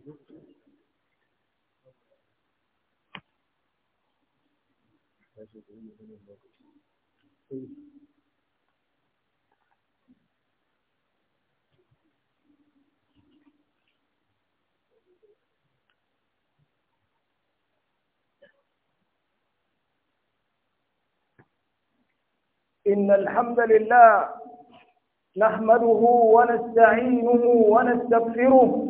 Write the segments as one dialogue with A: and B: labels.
A: إن الحمد لله نحمده ونستعينه ونستغفره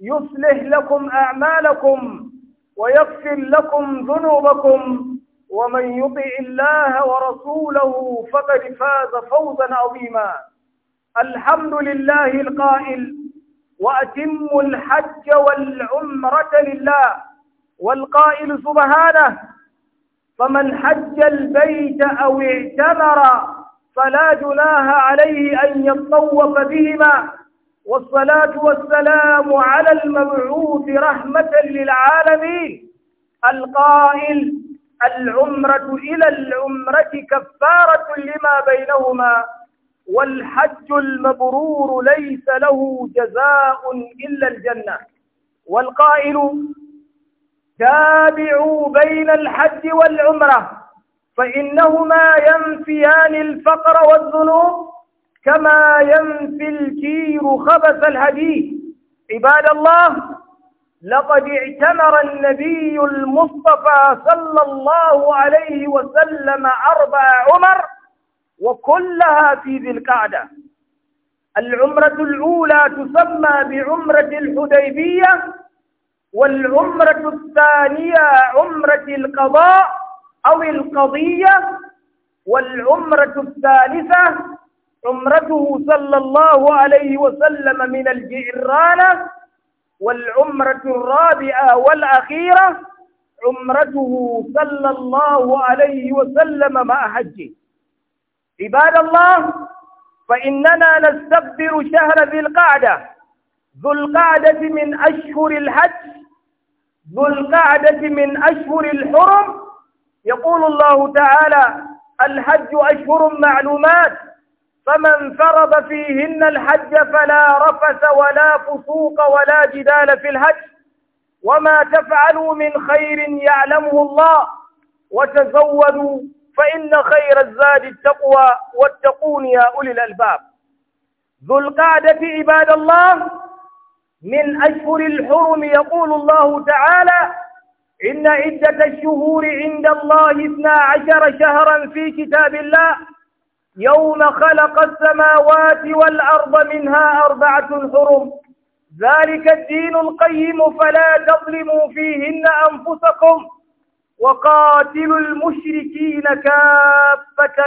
A: يصلح لكم أعمالكم ويغفر لكم ذنوبكم ومن يطع الله ورسوله فقد فاز فوزا عظيما الحمد لله القائل وأتموا الحج والعمرة لله والقائل سبحانه فمن حج البيت أو اعتمر فلا جناه عليه أن يطوف بهما والصلاة والسلام على المبعوث رحمة للعالمين القائل العمرة إلى العمرة كفارة لما بينهما والحج المبرور ليس له جزاء إلا الجنة والقائل تابعوا بين الحج والعمرة فإنهما ينفيان الفقر والذنوب كما ينفي الكير خبث الهدي عباد الله لقد اعتمر النبي المصطفى صلى الله عليه وسلم أربع عمر وكلها في ذي القعدة العمرة الأولى تسمى بعمرة الحديبية والعمرة الثانية عمرة القضاء أو القضية والعمرة الثالثة عمرته صلى الله عليه وسلم من الجئرانة والعمرة الرابعة والأخيرة عمرته صلى الله عليه وسلم مع حجه عباد الله فإننا نستقبل شهر ذي القعدة ذو القعدة من أشهر الحج ذو القعدة من أشهر الحرم يقول الله تعالى الحج أشهر معلومات فمن فرض فيهن الحج فلا رفث ولا فسوق ولا جدال في الحج وما تفعلوا من خير يعلمه الله وتزودوا فإن خير الزاد التقوى واتقون يا أولي الألباب ذو القعدة عباد الله من أشهر الحرم يقول الله تعالى إن عدة الشهور عند الله اثنا عشر شهرا في كتاب الله يوم خلق السماوات والأرض منها أربعة حرم ذلك الدين القيم فلا تظلموا فيهن أنفسكم وقاتلوا المشركين كافة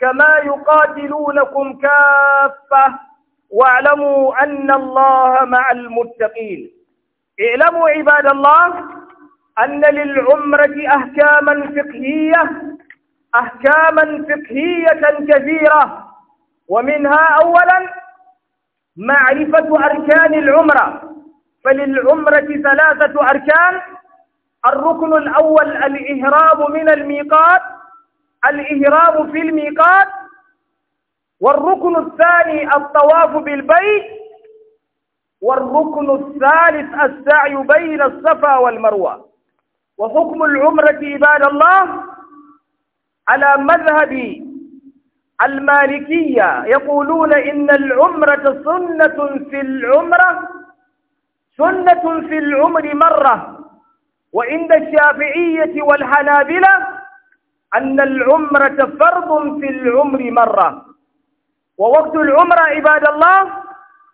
A: كما يقاتلونكم كافة واعلموا أن الله مع المتقين اعلموا عباد الله أن للعمرة أحكاما فقهية أحكاما فقهية كثيرة ومنها أولا معرفة أركان العمرة فللعمرة ثلاثة أركان الركن الأول الإهراب من الميقات الإهراب في الميقات والركن الثاني الطواف بالبيت والركن الثالث السعي بين الصفا والمروة وحكم العمرة عباد الله على مذهب المالكية يقولون إن العمرة سنة في العمرة سنة في العمر مرة وعند الشافعية والحنابلة أن العمرة فرض في العمر مرة ووقت العمرة عباد الله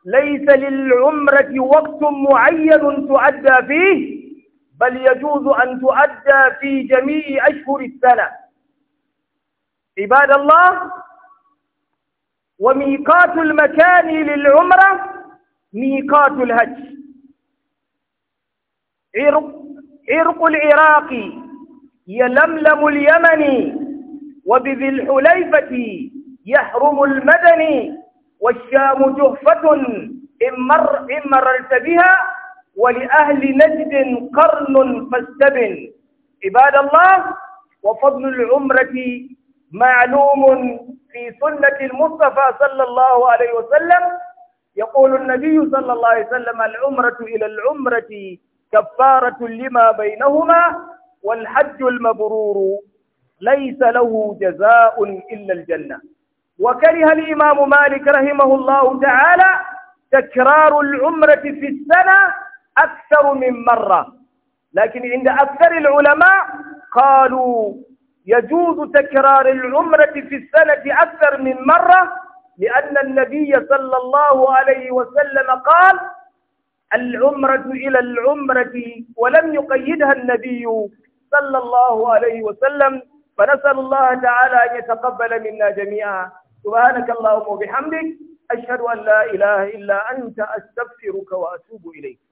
A: ليس للعمرة وقت معين تؤدى فيه بل يجوز أن تؤدى في جميع أشهر السنة عباد الله وميقات المكان للعمرة ميقات الهج عرق, عرق العراقي يلملم اليمني وبذي الحليفة يحرم المدني والشام جهفة إن, مر إن مررت بها ولأهل نجد قرن فاستبن عباد الله وفضل العمرة معلوم في سنة المصطفى صلى الله عليه وسلم يقول النبي صلى الله عليه وسلم العمرة إلى العمرة كفارة لما بينهما والحج المبرور ليس له جزاء إلا الجنة وكره الإمام مالك رحمه الله تعالى تكرار العمرة في السنة أكثر من مرة لكن عند أكثر العلماء قالوا يجوز تكرار العمرة في السنة أكثر من مرة لأن النبي صلى الله عليه وسلم قال العمرة إلى العمرة ولم يقيدها النبي صلى الله عليه وسلم فنسأل الله تعالى أن يتقبل منا جميعا سبحانك اللهم وبحمدك أشهد أن لا إله إلا أنت أستغفرك وأتوب إليك